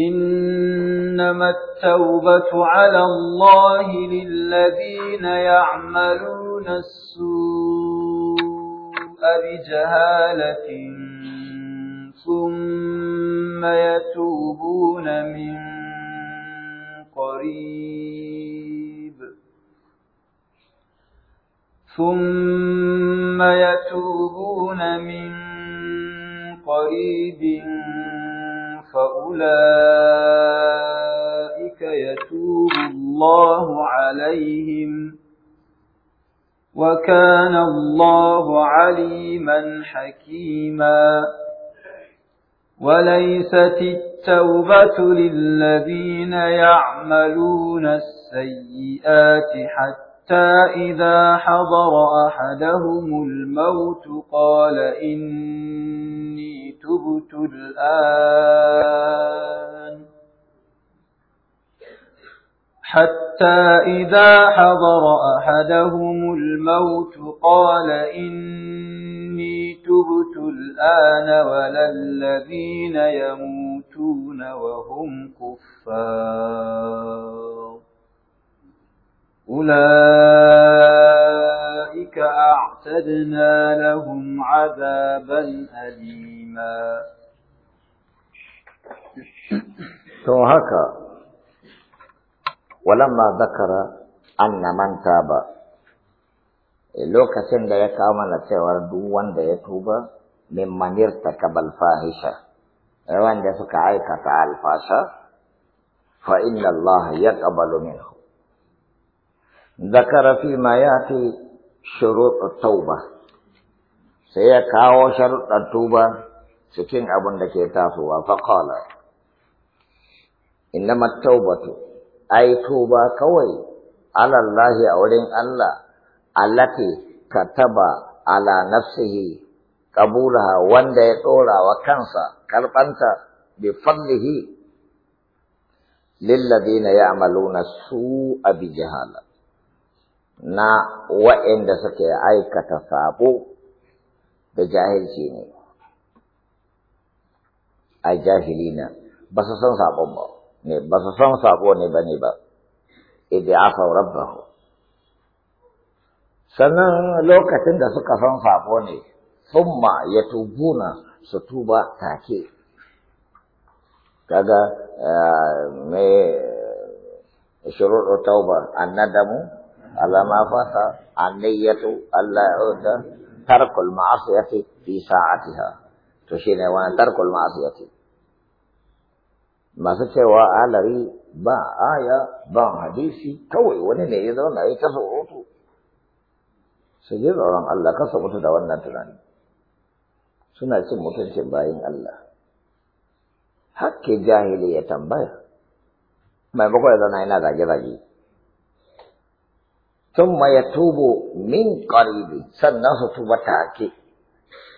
إنما التوبة على الله للذين يعملون السوء بجهالة ثم يتوبون من قريب ثم يتوبون من قريب فأولئك يتوب الله عليهم وكان الله عليما حكيما وليست التوبة للذين يعملون السيئات حتى إذا حضر أحدهم الموت قال إني تبت الآن حتى إذا حضر أحدهم الموت قال إني تبت الآن ولا الذين يموتون وهم كفار أولئك أعتدنا لهم عذابا أليما توهكا ولما ذكر أن من تاب لو كسن دا يكاما لتوار دوان دا يتوبا ممن ارتكب الفاهشة وان دا سكعيك تعال فاشا فإن الله يقبل منه ذكر فيما ياتي شروط sai ya kawo شروط tuba cikin abin da ke tasowa faƙala inda matobatu ai toba kawai alallahi a wurin Allah allati ka taba ala nafsihi ƙabulaha wanda ya ɗora wa kansa karɓanta bi fallihi lillazina ya'maluna su a bi na waɗanda suke aikata sabo da jahilci ne a jahili na ba su san sabo ba ne ba su san sabo ne ba ne ba idan aka ba. sannan lokacin da suka san sabo ne summa ya tubuna su tuba take kaga eh, mai shuruɗu tauba annadamu على ما فات النية ألا يعود ترك المعصية في ساعتها تشيني وانا ترك المعصية ما سوى آلري با آية با حديثي كوي ونين يدون أي تسوء سجد orang Allah ka saboda da wannan tunani suna cin mutuncin bayin Allah hakki jahili ya tambaya maimakon ya zauna yana zage-zage ثم يتوب من قريب سنه توبتك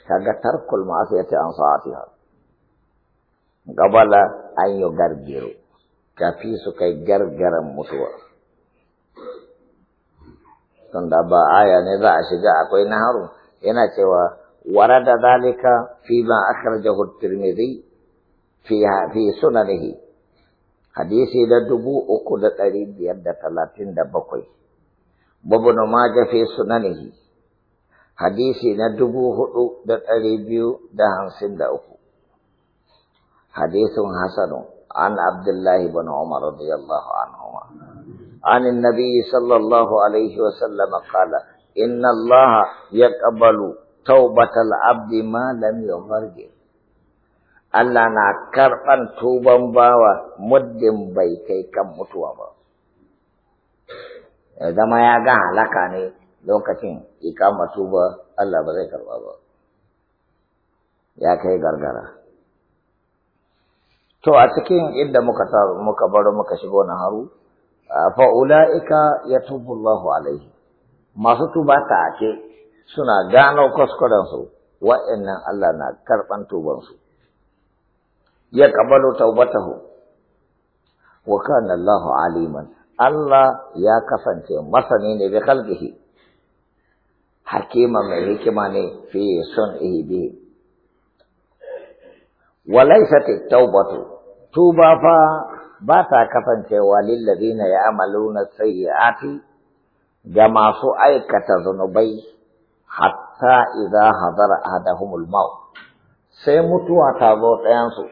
kaga tarkul ma'asiyati an sa'atiha gabala an gargiro kafi su kai gargaran mutuwa tunda ba aya ne za a shiga akwai haru yana cewa da dalika fi ma akhrajahu at-tirmidhi fi fi sunanihi hadisi da dubu uku da ɗari biyar da talatin da bakwai وابن ماجه في سننه حديثي ندبو هدو دتالي بيو دهان سند أخو حديث حسن عن عبد الله بن عمر رضي الله عنهما عن النبي صلى الله عليه وسلم قال إن الله يقبل توبة العبد ما لم يغرغر Allah na karɓan tuban bawa muddin bai kai kan mutuwa ba. Eh, zama ya ga halaka ne lokacin ikamatu ba Allah ba zai karba ba ya kai gargara to a cikin inda muka muka bar muka shigo na haru fa ulaika yatubu Allahu alaihi masu tuba ta ce suna gano kuskuren su wa'annan Allah na karban tuban su ya kabalu taubatahu wa kana Allahu aliman Allah ya kasance masani ne bi khalqihi hakima mai hikima ne fi sun'ihi bi walaysat tawbatu tuba fa ba ta kasancewa lil ladina ya'maluna sayyi'ati ga masu aikata zunubai hatta idza hadara ahadahumul maut sai mutuwa ta zo ɗayansu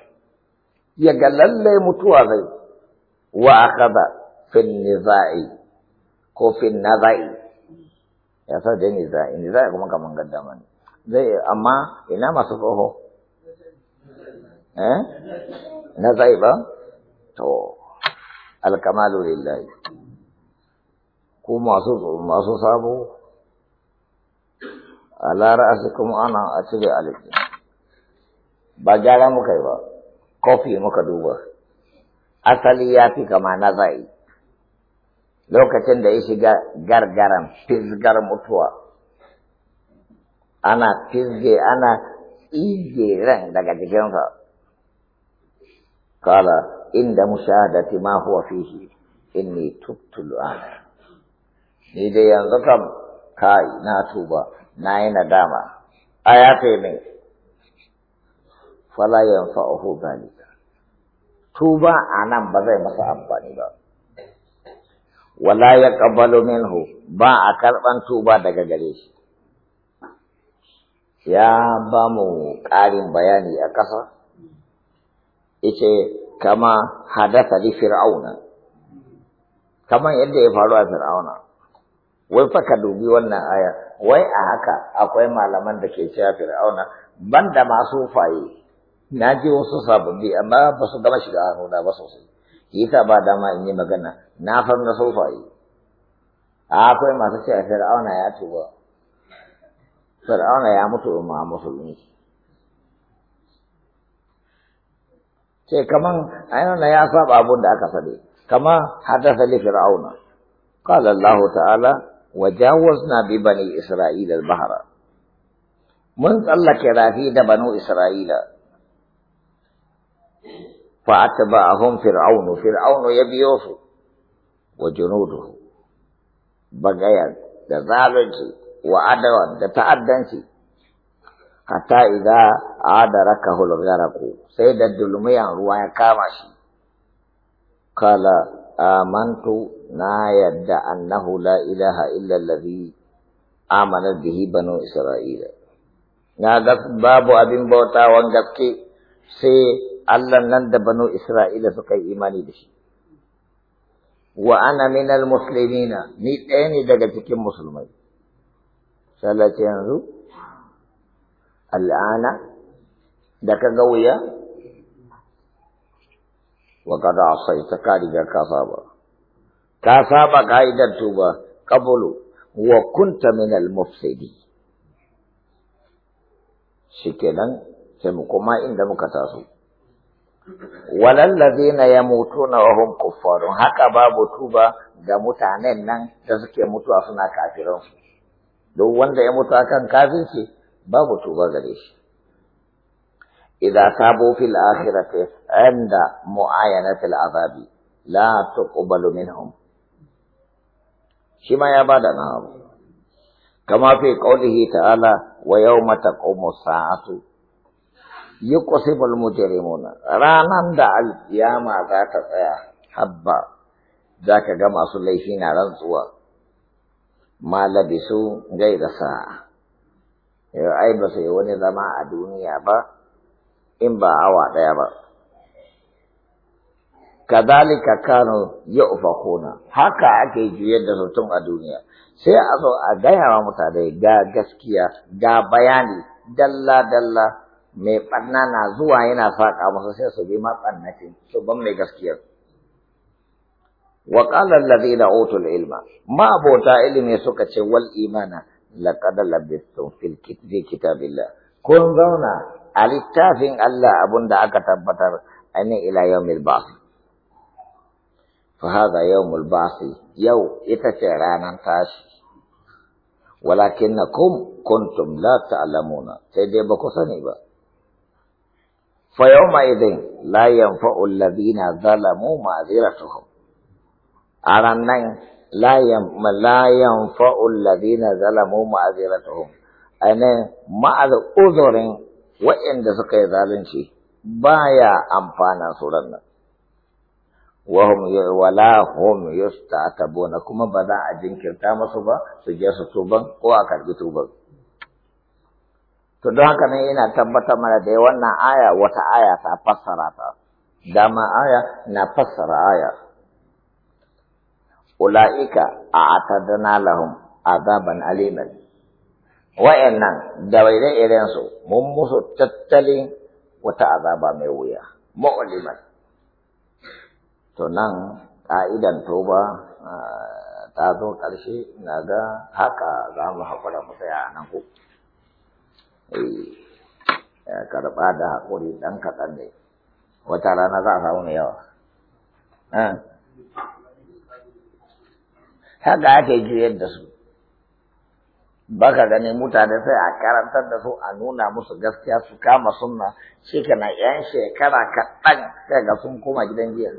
ya ga lallai mutuwa zai wa akada fin nizai ko fin nazai ya sa da nizai nizai kuma kaman gaddama mani. zai amma ina masu tsoho eh nazai ba to alkamalu lillahi ko masu masu sabo ala kuma ana a cire alifin ba gyara muka yi ba kofi muka duba asali ya fi kama nazai lokacin da ya shiga gargaran fizgar mutuwa ana fizge ana tsige ran daga jikinsa kala inda mushahadati ma huwa fihi inni tubtu ana ni dai yanzu kam kai na tuba na yi nadama a ya ne fala yanfa'uhu zalika tuba anan ba zai masa amfani ba wala ya ƙabbalo minhu ba a karɓan tuba daga gare shi ya ba mu ƙarin bayani a ƙasa ice kama hadasa li fir'auna kamar yadda ya faru a fir'auna wai fa ka dubi wannan aya wai a haka akwai malaman da ke cewa fir'auna banda masu faye na ji wasu sababbi amma ba su gama shiga hannuna ba sosai yasa ba dama in yi magana na far na sofaye akwai masu cewa fir'auna ya tuba fir'auna ya mutu ma musulmi ce kaman ainihin ya saba abun da aka sade kama haddasa li fir'auna qala Allah ta'ala wajawazna bi bani isra'ila al-bahra mun tsallake rafi da banu isra'ila wa'adawa ba a hunfi ra'aunu ra'aunu ya biyo fi wajenudu ba gayas da zabenki wa'adawa da ta'addanci hata idan ada da kaha sai da dulmiyan ruwa ya kama shi. kala amantu na yadda annahu la ilaha illa ladhi amana gini bano isra'ila na ga babu abin bota wangarke sai. Allah nan da banu Isra'ila suka yi imani da shi. Wa ana minal muslimina, ni ɗaya ne daga cikin musulmai. Salace yanzu, al'ana, da ka ga wuya, wa kada ta ka riga ka saba. Ka saba ka'idar tuba, kabulu, wa kunta minal mufsidi. Shi kenan, sai mu koma inda muka taso. ya mutu na wahun kufarun, haka babu tuba ga mutanen nan da suke mutuwa suna kafiransu. su duk wanda ya mutu akan kafinci babu tuba gare shi iza sabo fil akhirati inda muayyana al azabi la tuqbalu minhum shi ma ya bada na kama fi qawlihi ta'ala wa yawma taqumu as-sa'atu yi kusurbal mujirimuna ranar da alkiyama za ta tsaya habba za ka ga masu laifi na rantsuwa malabi su gai da sa'a Ya eh, ai ba su wani zama a duniya ba in ba awa daya ba kadalika kano ya ufakona. haka ake juyar da sautun a duniya sai a zo a gaya wa mutane ga gaskiya ga bayani dalla-dalla mai ɓanna na zuwa yana faka masa sai su bi ma matsannacin su ban mai gaskiya. Wa qala lazina utul ilma, ma abota ilmi suka ce wal imana laqad labistun fil kitabillah. Kun zauna a littafin Allah abun aka tabbatar ani ila yawmil ba'th Fa hadha yawmul ba'th yau ita ce ranan tashi. ولكنكم كنتم لا تعلمون سيدي dai ba فيومئذ لا ينفع الذين ظلموا معذرتهم أرنين لا لا ينفع الذين ظلموا معذرتهم أنا ما الأذر وإن دسك ذلك شيء بايا أمفانا سورنا وهم ولا هم يستعتبون كما بدا أجنكر تامسوا سجاسوا توبا وأكربتوا توبا To don haka nan yana tabbatar mana da wannan aya wata aya ta fassara ta. Dama aya na fassara aya. Ula'ika a atadana lahum azaban aliman. Wa'annan da irin su mun musu tattalin wata azaba mai wuya. Mu'liman. To nan ka'idan toba ah, ta zo ƙarshe na ga haka za mu haƙura mu tsaya nan ko. Eh, eh, karɓa da haƙuri ɗan kaɗan ne wata rana za a samu mai yawa haka ake juyar da su baka gani mutane sai a karantar da su a nuna musu gaskiya su kama suna shi kana yan shekara kaɗan sai ga sun koma gidan jiya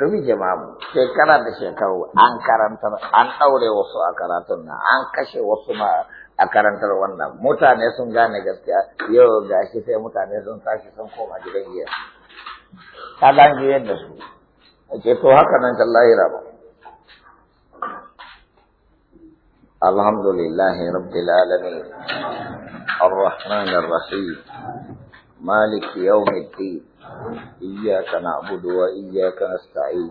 rubi jama'a shekara da shekaru an karantar an ɗaure wasu a karatun nan an kashe wasu ma a karantar wannan mutane sun gane gaskiya yau ga shi sai mutane sun tashi sun koma gidan iya. ta gane yadda su ake to haka nan kan lahira ba الحمد لله رب العالمين الرحمن الرحيم مالك يوم الدين إياك نعبد وإياك نستعين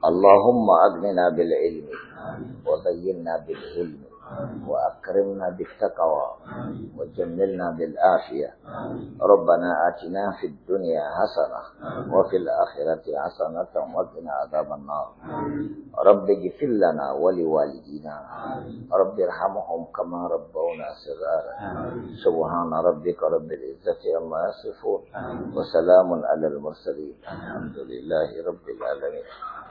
اللهم أغننا بالعلم وزينا بالعلم وأكرمنا بالتقوى وجملنا بالعافية ربنا آتنا في الدنيا حسنة وفي الآخرة حسنة وقنا عذاب النار رب اغفر لنا ولوالدينا رب ارحمهم كما ربونا صغارا سبحان ربك رب العزة عما يصفون وسلام على المرسلين الحمد لله رب العالمين